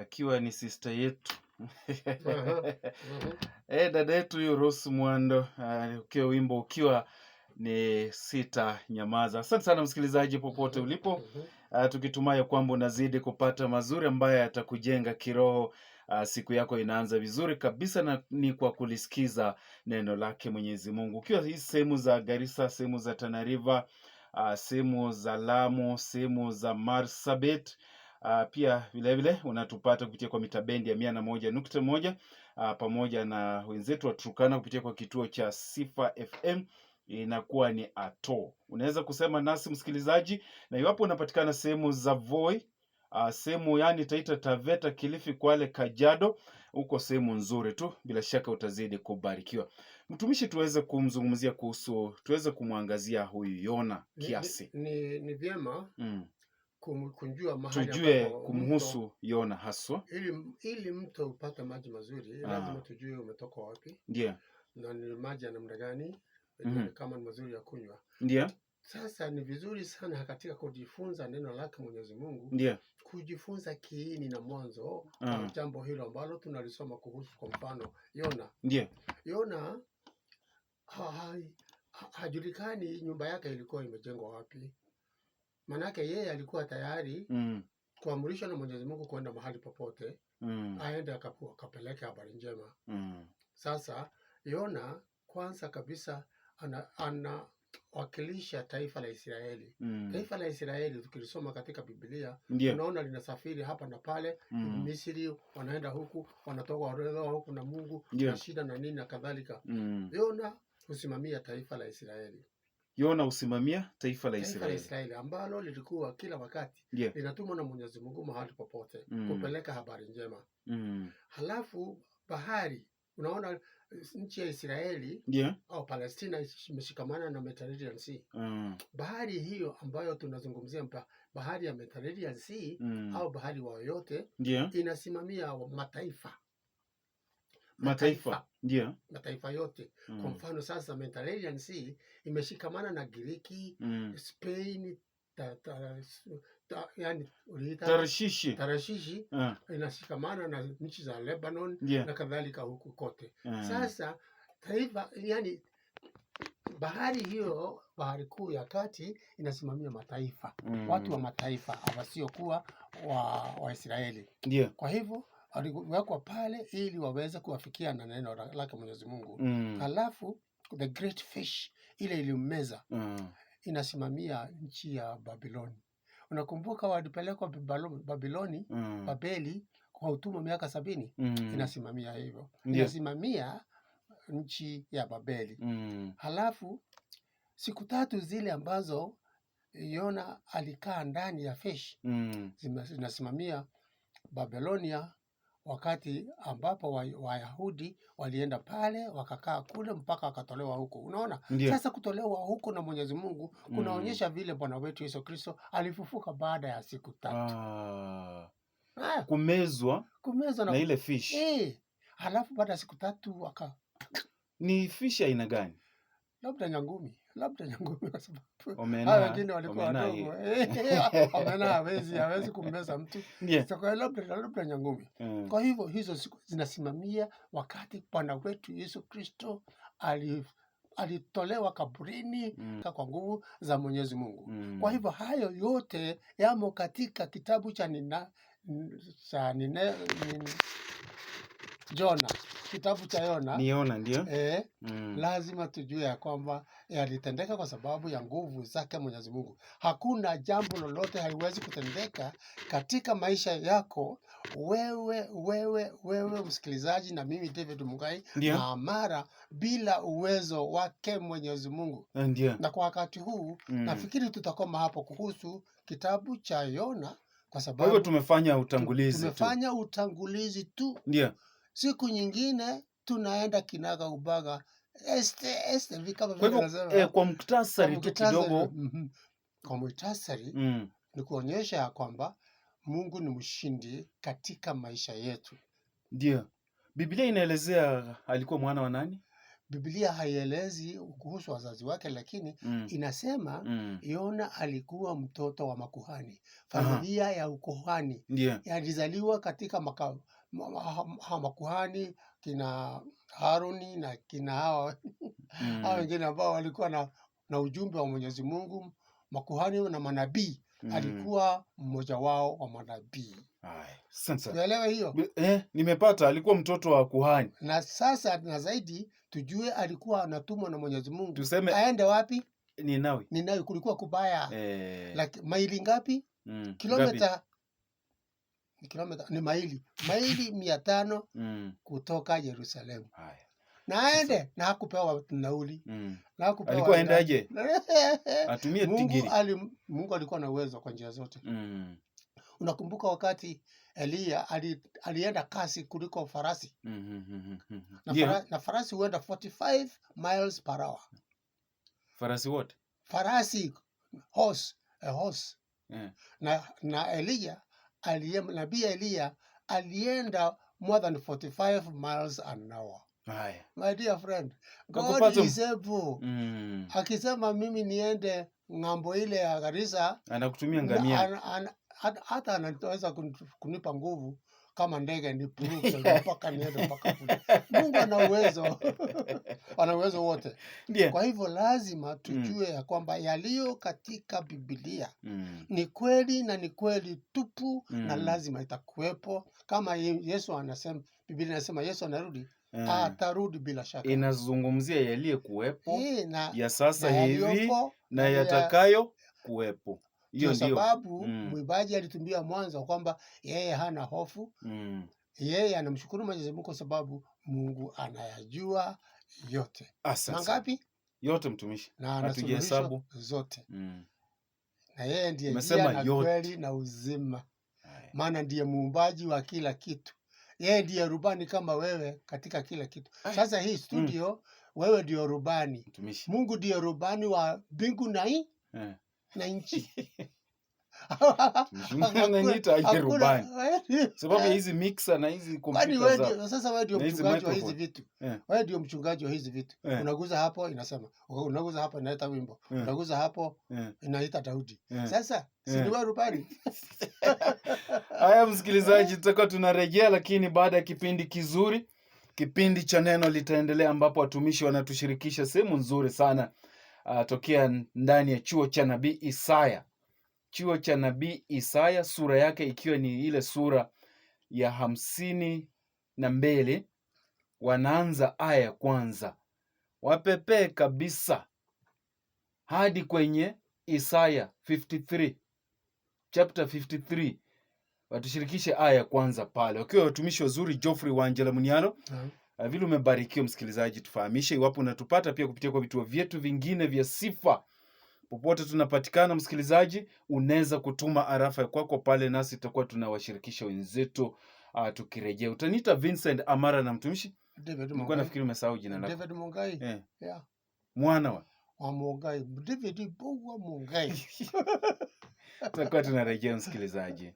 akiwa ni sista yetu e, dada yetu huyu Rose Mwando eh, ukiwa uh, wimbo ukiwa ni sita nyamaza. Asante sana msikilizaji, popote ulipo uh, tukitumai kwamba unazidi kupata mazuri ambayo yatakujenga kiroho. Uh, siku yako inaanza vizuri kabisa na ni kwa kulisikiza neno lake Mwenyezi Mungu, ukiwa hii sehemu za Garissa, sehemu za Tanariva, uh, sehemu za Lamu, sehemu za Marsabit Uh, pia vilevile unatupata kupitia kwa mita bendi ya mia na moja nukta moja uh, pamoja na wenzetu wa Turkana kupitia kwa kituo cha Sifa FM inakuwa ni ato. Unaweza kusema nasi msikilizaji, na iwapo unapatikana sehemu za Voi uh, sehemu yani Taita Taveta, Kilifi, Kwale, Kajado, uko sehemu nzuri tu, bila shaka utazidi kubarikiwa. Mtumishi, tuweze kumzungumzia kuhusu, tuweze kumwangazia huyu Yona kiasi. Ni, ni, ni vyema mm kum, kunjua mahali tujue kumhusu Yona haswa, ili, ili mto upate maji mazuri ah. lazima tujue umetoka wapi, ndio na ni maji ya namna gani, mm -hmm. kama ni mazuri ya kunywa, ndio sasa ni vizuri sana katika kujifunza neno lake Mwenyezi Mungu yeah. Kujifunza kiini na mwanzo uh, jambo hilo ambalo tunalisoma kuhusu, kwa mfano Yona yeah. Yona hajulikani ha, nyumba yake ilikuwa imejengwa wapi Manake yeye alikuwa tayari mm. kuamrishwa na Mwenyezi Mungu kwenda mahali popote mm. aende akapeleke habari njema mm. Sasa Yona kwanza kabisa anawakilisha ana taifa la Israeli mm. taifa la Israeli tukilisoma katika Biblia yeah. tunaona linasafiri hapa na pale mm. Misri, wanaenda huku wanatoka warolewa huku na Mungu yeah. na shida na nini na kadhalika mm. Yona husimamia taifa la Israeli Yona usimamia taifa la Israeli, Israeli ambalo lilikuwa kila wakati yeah. linatumwa na Mwenyezi Mungu mahali popote mm. kupeleka habari njema mm. halafu bahari unaona nchi ya Israeli yeah. au Palestina imeshikamana na Mediterranean Sea mm. bahari hiyo ambayo tunazungumzia bahari ya Mediterranean Sea mm. au bahari wayoyote yeah. inasimamia mataifa mataifa ndio mataifa yote mm. Kwa mfano sasa Mediterranean Sea imeshikamana na Giriki mm. Spain ta, ta, ta, yani, ulita, Tarashishi, Tarashishi yeah. inashikamana na nchi za Lebanon yeah. na kadhalika huku kote yeah. Sasa taifa yani bahari hiyo bahari kuu ya kati inasimamia mataifa mm. watu wa mataifa hawasiokuwa wa Waisraeli ndio, kwa hivyo aliwekwa pale ili waweze kuwafikia na neno lake Mwenyezi Mungu. Mm. Halafu the great fish ile ilimmeza mm. inasimamia nchi ya Babiloni. Unakumbuka walipelekwa Babiloni mm. Babeli kwa utumwa miaka sabini mm. inasimamia hivyo yeah. inasimamia nchi ya Babeli mm. halafu siku tatu zile ambazo Yona alikaa ndani ya fish mm. zinasimamia Babilonia wakati ambapo Wayahudi wa walienda pale wakakaa kule mpaka wakatolewa huko. Unaona, Ndiyo. Sasa kutolewa huko na Mwenyezi Mungu kunaonyesha mm. vile Bwana wetu Yesu Kristo alifufuka baada ya siku tatu. Ah. Ah. Kumezwa, kumezwa na, na ile fish e. Halafu baada ya siku tatu waka ni fish aina gani? Labda nyangumi labda Nyangumi kwa sababu hao wengine walikuwa wadogo, eh, Omena hawezi hawezi kummeza mtu yeah. Labda labda labda Nyangumi mm. Eh. Kwa hivyo hizo zinasimamia wakati Bwana wetu Yesu Kristo ali alitolewa kaburini mm. kwa nguvu za Mwenyezi Mungu mm. Kwa hivyo hayo yote yamo katika kitabu cha nina cha nina, nina Jona, kitabu cha Yona niona ndio eh, mm. Lazima tujue ya kwamba yalitendeka eh, kwa sababu ya nguvu zake Mwenyezi Mungu. Hakuna jambo lolote haiwezi kutendeka katika maisha yako wewe, wewe, wewe msikilizaji, na mimi David Mugai amara bila uwezo wake Mwenyezi Mungu. Eh, Ndiyo. Na kwa wakati huu mm. nafikiri tutakoma hapo kuhusu kitabu cha Yona kwa sababu tumefanya utangulizi, tumefanya utangulizi tu, tu. Siku nyingine tunaenda kinaga ubaga este, este, kama kwa hivyo eh, kwa muktasari tu kidogo mm-hmm. kwa muktasari mm. ni kuonyesha ya kwamba Mungu ni mshindi katika maisha yetu. Ndio Biblia inaelezea alikuwa mwana wa nani? Biblia haielezi kuhusu wazazi wake, lakini mm. inasema mm. Yona alikuwa mtoto wa makuhani, familia Aha. ya ukohani yeah. alizaliwa katika makao hawa makuhani kina Haruni na kina hawa mm. hawa wengine ambao walikuwa na, na ujumbe wa Mwenyezi Mungu, makuhani na manabii mm. alikuwa mmoja wao wa manabii. Sasa hiyo eh, nimepata. Alikuwa mtoto wa kuhani, na sasa na zaidi tujue alikuwa anatumwa na Mwenyezi Mungu, tuseme aende wapi? Ninawi, Ninawi kulikuwa kubaya eh. Like, maili ngapi? mm. kilomita ni kilomita ni maili maili mia tano mm. kutoka Yerusalemu Hai. na aende na hakupewa nauli mm. na hakupewa alikuwa aendaje? atumie tigiri. Mungu, ali Mungu alikuwa na uwezo kwa njia zote mm. Unakumbuka wakati Eliya ali, alienda kasi kuliko farasi mm -hmm. na, yeah. fara, na farasi huenda 45 miles per hour. Farasi what? Farasi horse, a horse. Yeah. Na, na Eliya nabii Eliya alienda more than 45 miles an hour. My dear friend, God is able. Mm. Akisema mimi niende ng'ambo ile ya Garissa, anakutumia ngamia. Hata anaweza kunipa nguvu kama ndege nipuruke mpaka niende mpaka kule. Mungu ana uwezo, ana uwezo wote yeah. Kwa hivyo lazima mm. tujue mm. ya kwamba yaliyo katika Biblia mm. ni kweli na ni kweli tupu mm. na lazima itakuwepo, kama Yesu anasema, Biblia inasema Yesu anarudi mm. atarudi bila shaka. Inazungumzia yaliyokuwepo eh, ya sasa hivi na yatakayo kuwepo ndio sababu mm. mwimbaji alitumia mwanzo kwamba yeye hana hofu mm. yeye anamshukuru Mwenyezi Mungu kwa sababu Mungu anayajua yote. Asasa. Mangapi? Yote mtumishi, na anasuluhisho zote mm. na yeye ndiye na kweli na uzima, maana ndiye muumbaji wa kila kitu yeye ndiye rubani kama wewe katika kila kitu. Sasa hii mm. studio mm. wewe ndio rubani mtumishi. Mungu ndiye rubani wa mbingu na hii yeah na nchi sababu hizi mixer na hizi kompyuta sasa. Eh. Wewe ndio mchungaji wa hizi vitu, wewe eh. ndio mchungaji wa hizi vitu. Unaguza hapo inasema, unaguza hapo inaleta wimbo, eh. unaguza hapo inaleta daudi. Sasa si ni rubani? Haya, msikilizaji, tutakuwa tunarejea, lakini baada ya kipindi kizuri, kipindi cha neno litaendelea, ambapo watumishi wanatushirikisha sehemu nzuri sana tokea ndani ya chuo cha nabii Isaya, chuo cha nabii Isaya sura yake ikiwa ni ile sura ya hamsini na mbili wanaanza aya ya kwanza, wapepee kabisa hadi kwenye Isaya 53 chapter 53 watushirikishe aya ya kwanza pale wakiwa watumishi wazuri Geoffrey Wanjela munialo Eh, vile umebarikiwa msikilizaji, tufahamishe iwapo unatupata pia kupitia kwa vituo vyetu vingine vya sifa. Popote tunapatikana msikilizaji, unaweza kutuma arafa kwako pale, nasi tutakuwa tunawashirikisha wenzetu. Uh, tukirejea utaniita Vincent Amara na mtumishi David Mungai. Nafikiri umesahau jina lako David Mungai. Eh. Yeah. Mwana wa wa Mungai. David Mungai. Tutakuwa tunarejea msikilizaji.